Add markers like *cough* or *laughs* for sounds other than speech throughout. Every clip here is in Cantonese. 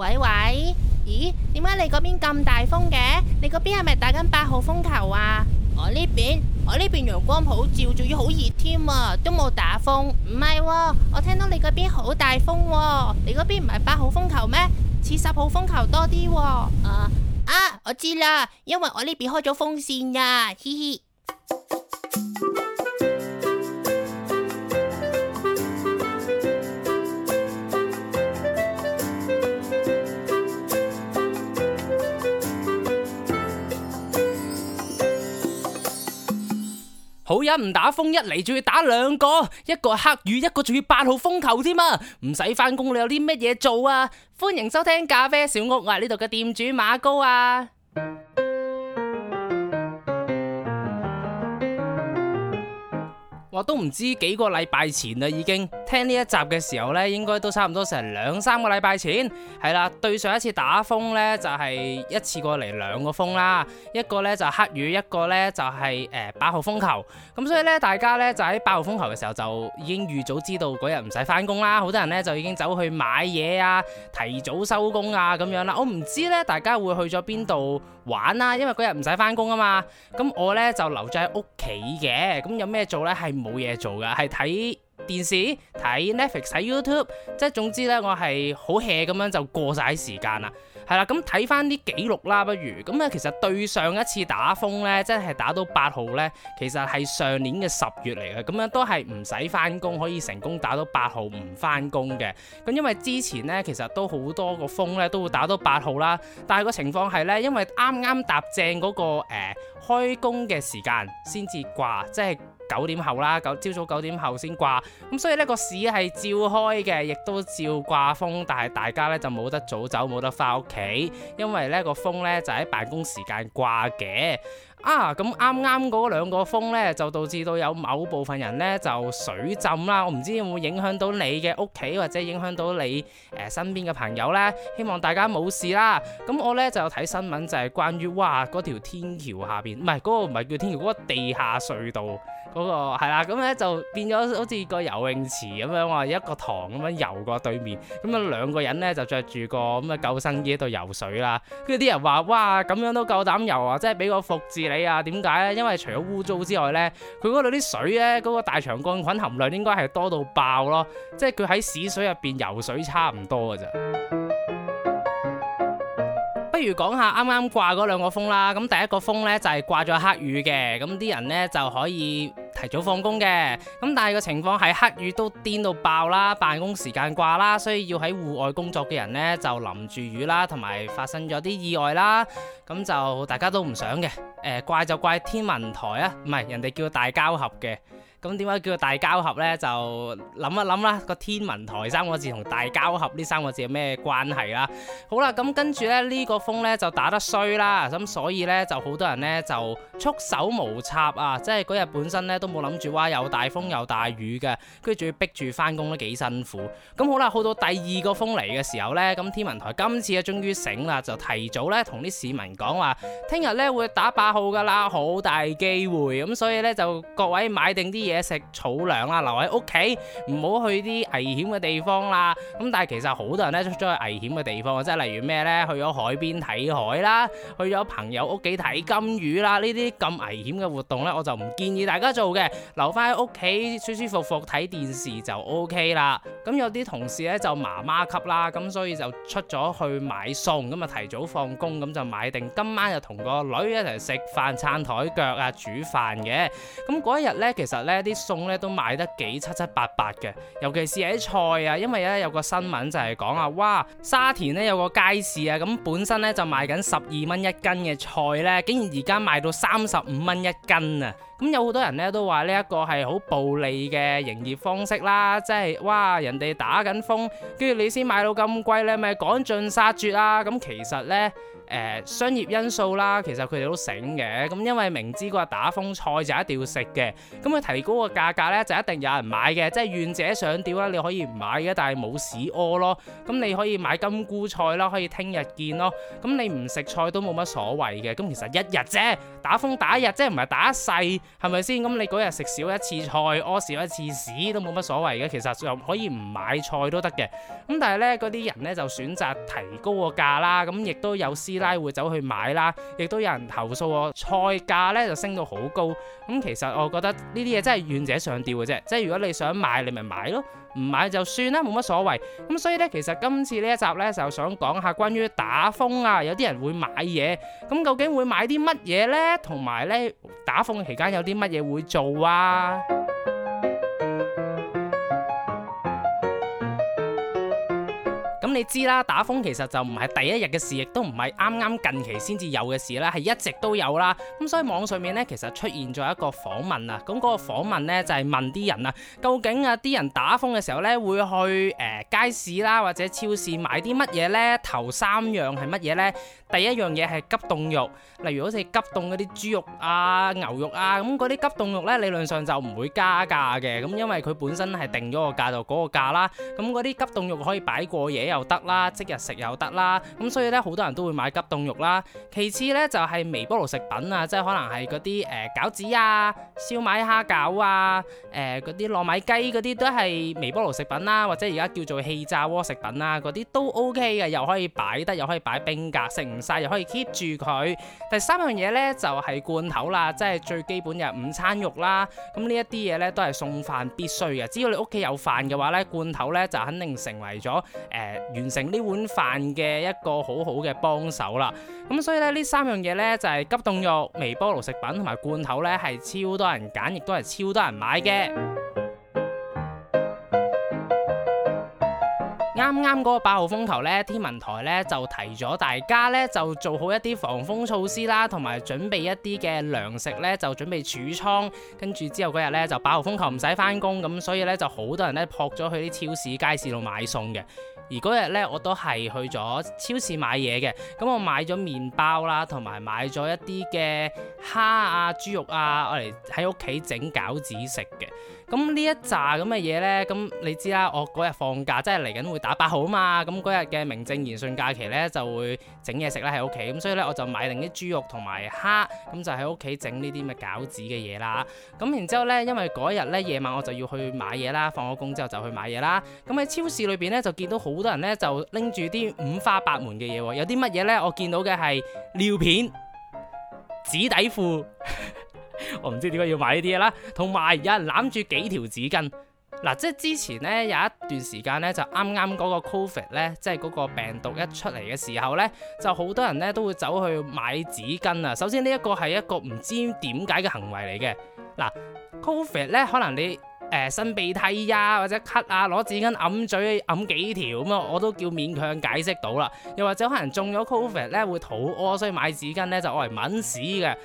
喂喂，咦？點解你嗰邊咁大風嘅？你嗰邊係咪打緊八號風球啊？我呢邊，我呢邊陽光普照，仲要好熱添啊！都冇打風，唔係喎，我聽到你嗰邊好大風喎、哦。你嗰邊唔係八號風球咩？似十號風球多啲喎、哦呃。啊，我知啦，因為我呢邊開咗風扇呀、啊，嘻嘻。.好人唔打風一嚟仲要打兩個，一個黑雨一個仲要八號風球添啊！唔使返工你有啲乜嘢做啊？歡迎收聽咖啡小屋啊，我係呢度嘅店主馬高啊，話都唔知幾個禮拜前啦已經。聽呢一集嘅時候呢，應該都差唔多成兩三個禮拜前，係啦，對上一次打風呢，就係、是、一次過嚟兩個風啦，一個呢，就是、黑雨，一個呢，就係誒八號風球，咁所以呢，大家呢，就喺八號風球嘅時候就已經預早知道嗰日唔使翻工啦，好多人呢，就已經走去買嘢啊，提早收工啊咁樣啦。我唔知呢，大家會去咗邊度玩啦，啊，因為嗰日唔使翻工啊嘛，咁我呢，就留咗喺屋企嘅，咁有咩做呢？係冇嘢做噶，係睇電視睇 Netflix 睇 YouTube，即係總之呢，我係好 hea 咁樣就過晒時間啦。係啦，咁睇返啲記錄啦，不如咁咧，其實對上一次打風呢，即係打到八號呢，其實係上年嘅十月嚟嘅。咁樣都係唔使返工，可以成功打到八號唔返工嘅。咁因為之前呢，其實都好多個風呢都會打到八號啦，但係個情況係呢，因為啱啱搭正嗰個誒、呃、開工嘅時間先至掛，即係。九點後啦，九朝早九點後先掛，咁所以呢個市係照開嘅，亦都照掛風，但係大家呢就冇得早走，冇得翻屋企，因為呢個風呢就喺、是、辦公時間掛嘅。啊，咁啱啱兩個風咧，就導致到有某部分人咧就水浸啦。我唔知有冇影響到你嘅屋企，或者影響到你誒、呃、身邊嘅朋友咧。希望大家冇事啦。咁我咧就有睇新聞就係、是、關於哇條天橋下邊唔係個唔係叫天橋、嗰個地下隧道、嗰個係啦。咁咧就變咗好似個游泳池咁樣喎，一個塘咁樣游過對面。咁啊兩個人咧就着住個咁嘅救生衣喺度游水啦。跟住啲人話哇咁樣都夠膽游啊，即係俾個服字。你啊，點解咧？因為除咗污糟之外咧，佢嗰度啲水咧，嗰、嗰個大腸桿菌含量應該係多到爆咯，即係佢喺屎水入邊游水差唔多㗎咋。 *music* 不如講下啱啱掛嗰兩個風啦，咁第一個風咧就係、係、掛咗黑雨嘅，咁啲人咧就可以，提早放工嘅咁，但係個情況係黑雨都癲到爆啦，辦公時間掛啦，所以要喺戶外工作嘅人呢，就淋住雨啦，同埋發生咗啲意外啦，咁就大家都唔想嘅，呃，怪就怪天文台啊，唔係人哋叫大交合嘅。咁點解叫大交合呢？就諗一諗啦，個天文台三個字同大交合呢三個字有咩關係啦？好啦，咁跟住咧呢呢個風呢，就打得衰啦，咁所以呢，就好多人呢，就束手無策啊，即係嗰日本身呢，都冇諗住哇，又大風又大雨嘅，跟住仲要逼住翻工都幾辛苦。咁好啦，去到第二個風嚟嘅時候呢，咁天文台今次啊終於醒啦，就提早呢同啲市民講話，聽日呢會打八號噶啦，好大機會，咁所以呢，就各位買定啲。嘢食草糧啊，留喺屋企，唔好去啲危險嘅地方啦。咁但係其實好多人咧出咗去危險嘅地方，即係例如咩呢？去咗海邊睇海啦，去咗朋友屋企睇金魚啦，呢啲咁危險嘅活動呢，我就唔建議大家做嘅。留翻喺屋企舒舒服服睇電視就 OK 啦。咁有啲同事咧就媽媽級啦，咁所以就出咗去買餸，咁啊提早放工，咁就買定今晚就同個女一齊食飯、撐台腳啊、煮飯嘅。咁嗰一日呢，其實呢。啲餸咧都賣得幾七七八八嘅，尤其是係啲菜啊，因為咧有個新聞就係講啊，哇，沙田咧有個街市啊，咁本身咧就賣緊十二蚊一斤嘅菜咧，竟然而家賣到三十五蚊一斤啊！咁、嗯、有好多人咧都話呢一個係好暴利嘅營業方式啦，即係哇人哋打緊風，跟住你先買到咁貴咧，咪趕盡殺絕啦！咁、嗯、其實呢誒、呃、商業因素啦，其實佢哋都醒嘅，咁、嗯、因為明知個打風菜就一定要食嘅，咁、嗯、佢提高個價格呢，就一定有人買嘅，即係願者上釣啦。你可以唔買嘅，但係冇屎屙咯。咁、嗯、你可以買金菇菜啦，可以聽日見咯。咁、嗯、你唔食菜都冇乜所謂嘅。咁、嗯、其實一日啫，打風打一日即係，唔係打一世。係咪先咁？咁你嗰日食少一次菜屙少一次屎都冇乜所謂嘅，其實又可以唔買菜都得嘅。咁但係咧，嗰啲人咧就選擇提高個價啦。咁亦都有師奶會走去買啦，亦都有人投訴我菜價咧就升到好高。咁、嗯、其實我覺得呢啲嘢真係願者上吊嘅啫。即係如果你想買，你咪買咯，唔買就算啦，冇乜所謂。咁所以咧，其實今次呢一集咧就想講下關於打風啊，有啲人會買嘢，咁究竟會買啲乜嘢咧？同埋咧。打風期間有啲乜嘢會做啊？你知啦，打風其實就唔係第一日嘅事，亦都唔係啱啱近期先至有嘅事啦，係一直都有啦。咁所以網上面呢，其實出現咗一個訪問啊。咁嗰個訪問咧就係、是、問啲人啊，究竟啊啲人打風嘅時候呢，會去誒、呃、街市啦或者超市買啲乜嘢呢？頭三樣係乜嘢呢？第一樣嘢係急凍肉，例如好似急凍嗰啲豬肉啊、牛肉啊，咁嗰啲急凍肉呢，理論上就唔會加價嘅。咁因為佢本身係定咗個價就嗰個價啦。咁嗰啲急凍肉可以擺過夜。又得啦，即日食又得啦，咁所以呢，好多人都會買急凍肉啦。其次呢，就係微波爐食品啊，即係可能係嗰啲誒餃子啊、燒賣、蝦餃啊、誒嗰啲糯米雞嗰啲都係微波爐食品啦，或者而家叫做氣炸鍋食品啊嗰啲都 O K 嘅，又可以擺得，又可以擺冰格，食唔晒又可以 keep 住佢。第三樣嘢呢，就係罐頭啦，即係最基本嘅午餐肉啦。咁呢一啲嘢呢，都係送飯必須嘅，只要你屋企有飯嘅話呢，罐頭呢，就肯定成為咗誒。呃完成呢碗飯嘅一個好好嘅幫手啦，咁所以咧，呢三樣嘢呢，就係急凍肉、微波爐食品同埋罐頭呢，係超多人揀，亦都係超多人買嘅。啱啱嗰個八號風球呢，天文台呢就提咗大家呢，就做好一啲防風措施啦，同埋準備一啲嘅糧食呢，就準備儲倉。跟住之後嗰日呢，就八號風球唔使返工，咁所以呢，就好多人呢，撲咗去啲超市、街市度買餸嘅。而嗰日呢，我都係去咗超市買嘢嘅。咁我買咗麵包啦，同埋買咗一啲嘅蝦啊、豬肉啊，我嚟喺屋企整餃子食嘅。咁呢一紮咁嘅嘢呢？咁你知啦，我嗰日放假，即係嚟緊會打八號嘛，咁嗰日嘅名正言順假期呢，就會整嘢食啦，喺屋企，咁所以呢，我就買定啲豬肉同埋蝦，咁就喺屋企整呢啲乜餃子嘅嘢啦。咁然之後呢，因為嗰日呢，夜晚我就要去買嘢啦，放咗工之後就去買嘢啦。咁喺超市裏邊呢，就見到好多人呢，就拎住啲五花八門嘅嘢喎，有啲乜嘢呢？我見到嘅係尿片、紙底褲。 *laughs* 我唔知點解要買呢啲嘢啦，同埋有，有人攬住幾條紙巾嗱、啊，即係之前呢有一段時間呢，就啱啱嗰個 covid 咧，即係嗰個病毒一出嚟嘅時候呢，就好多人呢都會走去買紙巾啊。首先呢一個係一個唔知點解嘅行為嚟嘅嗱，covid 咧可能你誒擤、呃、鼻涕呀、啊、或者咳啊攞紙巾揞嘴揞幾條咁啊，我都叫勉強解釋到啦。又或者可能中咗 covid 咧會肚屙，所以買紙巾呢就愛嚟揾屎嘅咁。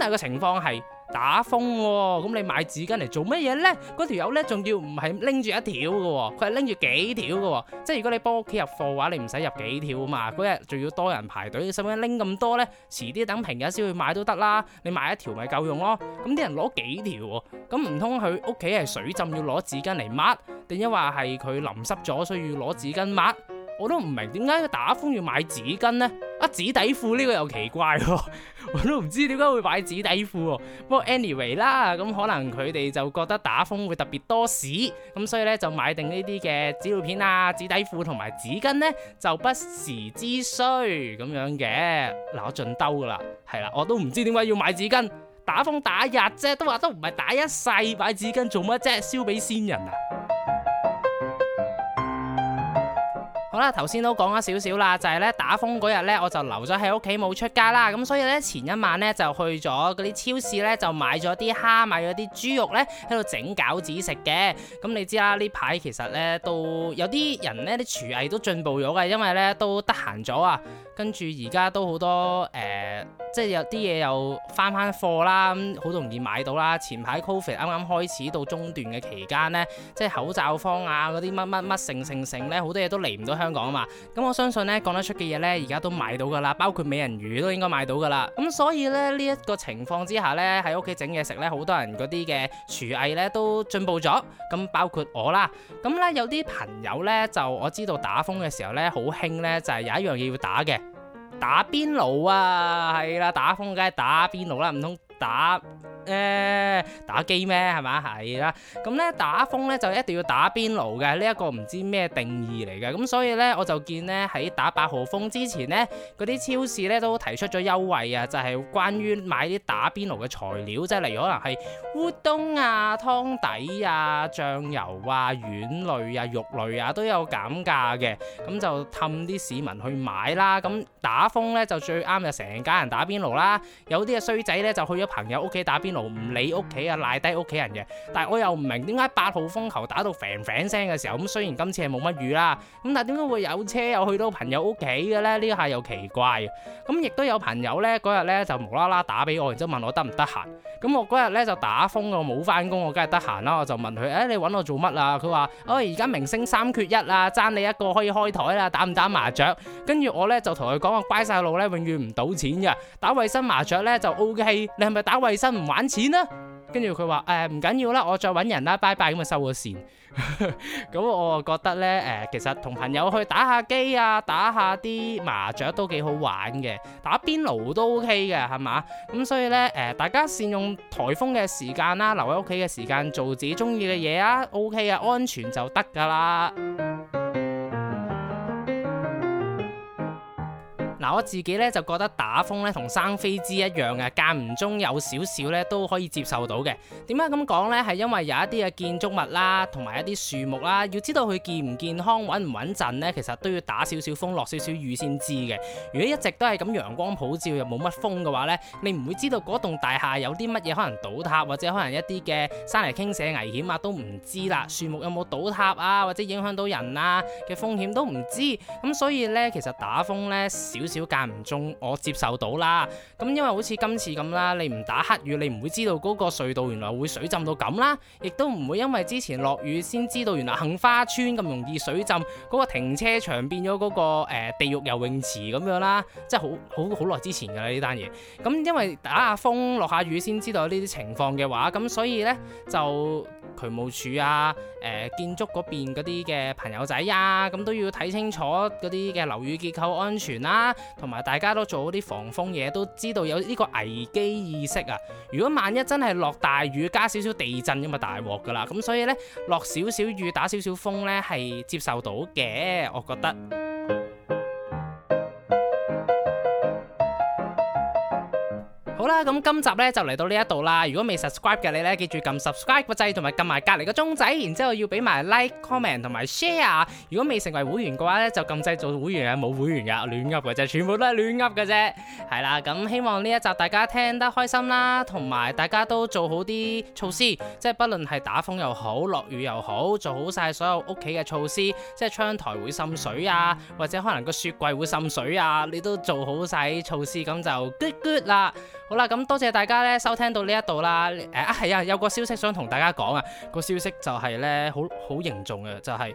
但係個情況係。打風喎、哦，咁你買紙巾嚟做乜嘢呢？嗰條友呢，仲要唔係拎住一條嘅喎、哦，佢係拎住幾條嘅喎、哦，即係如果你幫屋企入貨嘅話，你唔使入幾條啊嘛。嗰日仲要多人排隊，使唔使拎咁多呢？遲啲等平日先去買都得啦，你買一條咪夠用咯。咁啲人攞幾條喎、哦？咁唔通佢屋企係水浸要攞紙巾嚟抹，定抑或係佢淋濕咗所以要攞紙巾抹？我都唔明點解佢打風要買紙巾呢？紙底褲呢個又奇怪、哦， *laughs* 我都唔知點解會買紙底褲。不過 anyway 啦，咁可能佢哋就覺得打風會特別多屎，咁所以呢，就買定呢啲嘅紙尿片啊、紙底褲同埋紙巾呢，就不時之需咁樣嘅留進兜噶啦。係啦，我都唔知點解要買紙巾，打風打日啫，都話都唔係打一世，買紙巾做乜啫？燒俾先人啊！好啦，頭先都講咗少少啦，就係、是、咧打風嗰日咧，我就留咗喺屋企冇出街啦。咁所以咧前一晚咧就去咗嗰啲超市咧，就買咗啲蝦米嗰啲豬肉咧，喺度整餃子食嘅。咁、嗯、你知啦，呢排其實咧都有啲人咧啲廚藝都進步咗嘅，因為咧都得閒咗啊。跟住而家都好多誒。呃即係有啲嘢又翻翻貨啦，咁好容易買到啦。前排 COVID 啱啱開始到中段嘅期間呢，即係口罩方啊，嗰啲乜乜乜成成成呢好多嘢都嚟唔到香港啊嘛。咁我相信呢講得出嘅嘢呢，而家都買到噶啦，包括美人魚都應該買到噶啦。咁所以呢，呢一個情況之下呢，喺屋企整嘢食呢，好多人嗰啲嘅廚藝呢都進步咗。咁包括我啦。咁呢，有啲朋友呢，就我知道打風嘅時候呢，好興呢，就係有一樣嘢要打嘅。打邊爐啊，係啦，打風梗係打邊爐啦，唔通打？誒、呃、打機咩係咪？係啦，咁呢、嗯，打風呢就一定要打邊爐嘅呢一個唔知咩定義嚟嘅，咁、嗯、所以呢，我就見呢，喺打八號風之前呢，嗰啲超市呢都提出咗優惠啊，就係、是、關於買啲打邊爐嘅材料，即係例如可能係烏冬啊、湯底啊、醬油啊、丸類啊、肉類啊都有減價嘅，咁、嗯、就氹啲市民去買啦。咁、嗯、打風呢，就最啱就成家人打邊爐啦，有啲啊衰仔呢，就去咗朋友屋企打邊爐。唔理屋企啊，賴低屋企人嘅。但係我又唔明點解八號風球打到 fan fan 聲嘅時候，咁雖然今次係冇乜雨啦，咁但係點解會有車又去到朋友屋企嘅呢？呢下又奇怪。咁亦都有朋友呢，嗰日呢就無啦啦打俾我，然之後問我得唔得閒。咁我嗰日呢就打風，我冇翻工，我梗係得閒啦。我就問佢，誒，你揾我做乜啊？佢話，哦，而家明星三缺一啊，爭你一個可以開台啦，打唔打麻雀？跟住我呢就同佢講話，乖細路呢，永遠唔賭錢嘅，打衛生麻雀呢就 OK。你係咪打衛生唔玩？錢啦、啊，跟住佢話，誒，唔緊要啦，我再搵人啦，拜拜。咁啊收個線，咁 *laughs* 我啊覺得呢，誒、呃，其實同朋友去打下機啊，打下啲麻雀都幾好玩嘅，打邊爐都 OK 嘅係嘛，咁所以呢，誒、呃，大家善用台風嘅時間啦、啊，留喺屋企嘅時間做自己中意嘅嘢啊，OK 啊，安全就得噶啦。嗱，我自己咧就覺得打風咧同生飛滋一樣嘅、啊，間唔中有少少咧都可以接受到嘅。點解咁講呢？係因為有一啲嘅建築物啦，同埋一啲樹木啦，要知道佢健唔健康、穩唔穩陣呢，其實都要打少少風、落少少雨先知嘅。如果一直都係咁陽光普照又冇乜風嘅話呢，你唔會知道嗰棟大廈有啲乜嘢可能倒塌，或者可能一啲嘅山泥傾瀉危險啊都唔知啦。樹木有冇倒塌啊，或者影響到人啊嘅風險都唔知。咁所以呢，其實打風呢，少。少間唔中我接受到啦，咁因為好似今次咁啦，你唔打黑雨，你唔會知道嗰個隧道原來會水浸到咁啦，亦都唔會因為之前落雨先知道原來杏花村咁容易水浸，嗰、那個停車場變咗嗰、那個誒、呃、地獄游泳池咁樣啦，即係好好好耐之前㗎啦呢單嘢，咁因為打下風落下雨先知道呢啲情況嘅話，咁所以呢，就渠務署啊，誒、呃、建築嗰邊嗰啲嘅朋友仔啊，咁都要睇清楚嗰啲嘅樓宇結構安全啦、啊。同埋大家都做好啲防風嘢，都知道有呢個危機意識啊！如果萬一真係落大雨加少少地震咁啊，大鑊㗎喇！咁所以呢，落少少雨打少少風呢，係接受到嘅，我覺得。好啦，咁今集呢就嚟到呢一度啦。如果未 subscribe 嘅你呢，記住撳 subscribe 個掣，同埋撳埋隔籬個鐘仔，然之後要俾埋 like、comment 同埋 share。如果未成為會員嘅話呢，就撳掣做會員，係冇會員噶，亂噏嘅就全部都係亂噏嘅啫。係啦，咁希望呢一集大家聽得開心啦，同埋大家都做好啲措施，即係不論係打風又好，落雨又好，做好晒所有屋企嘅措施，即係窗台會滲水啊，或者可能個雪櫃會滲水啊，你都做好晒措施，咁就 good good 啦。好啦，咁多謝大家咧收聽到呢一度啦。誒、啊，啊係啊，有個消息想同大家講啊，個消息就係咧，好好凝重嘅，就係、是。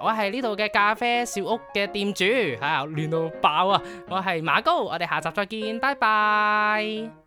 我係呢度嘅咖啡小屋嘅店主，吓、啊、亂到爆啊！我係馬高，我哋下集再見，拜拜。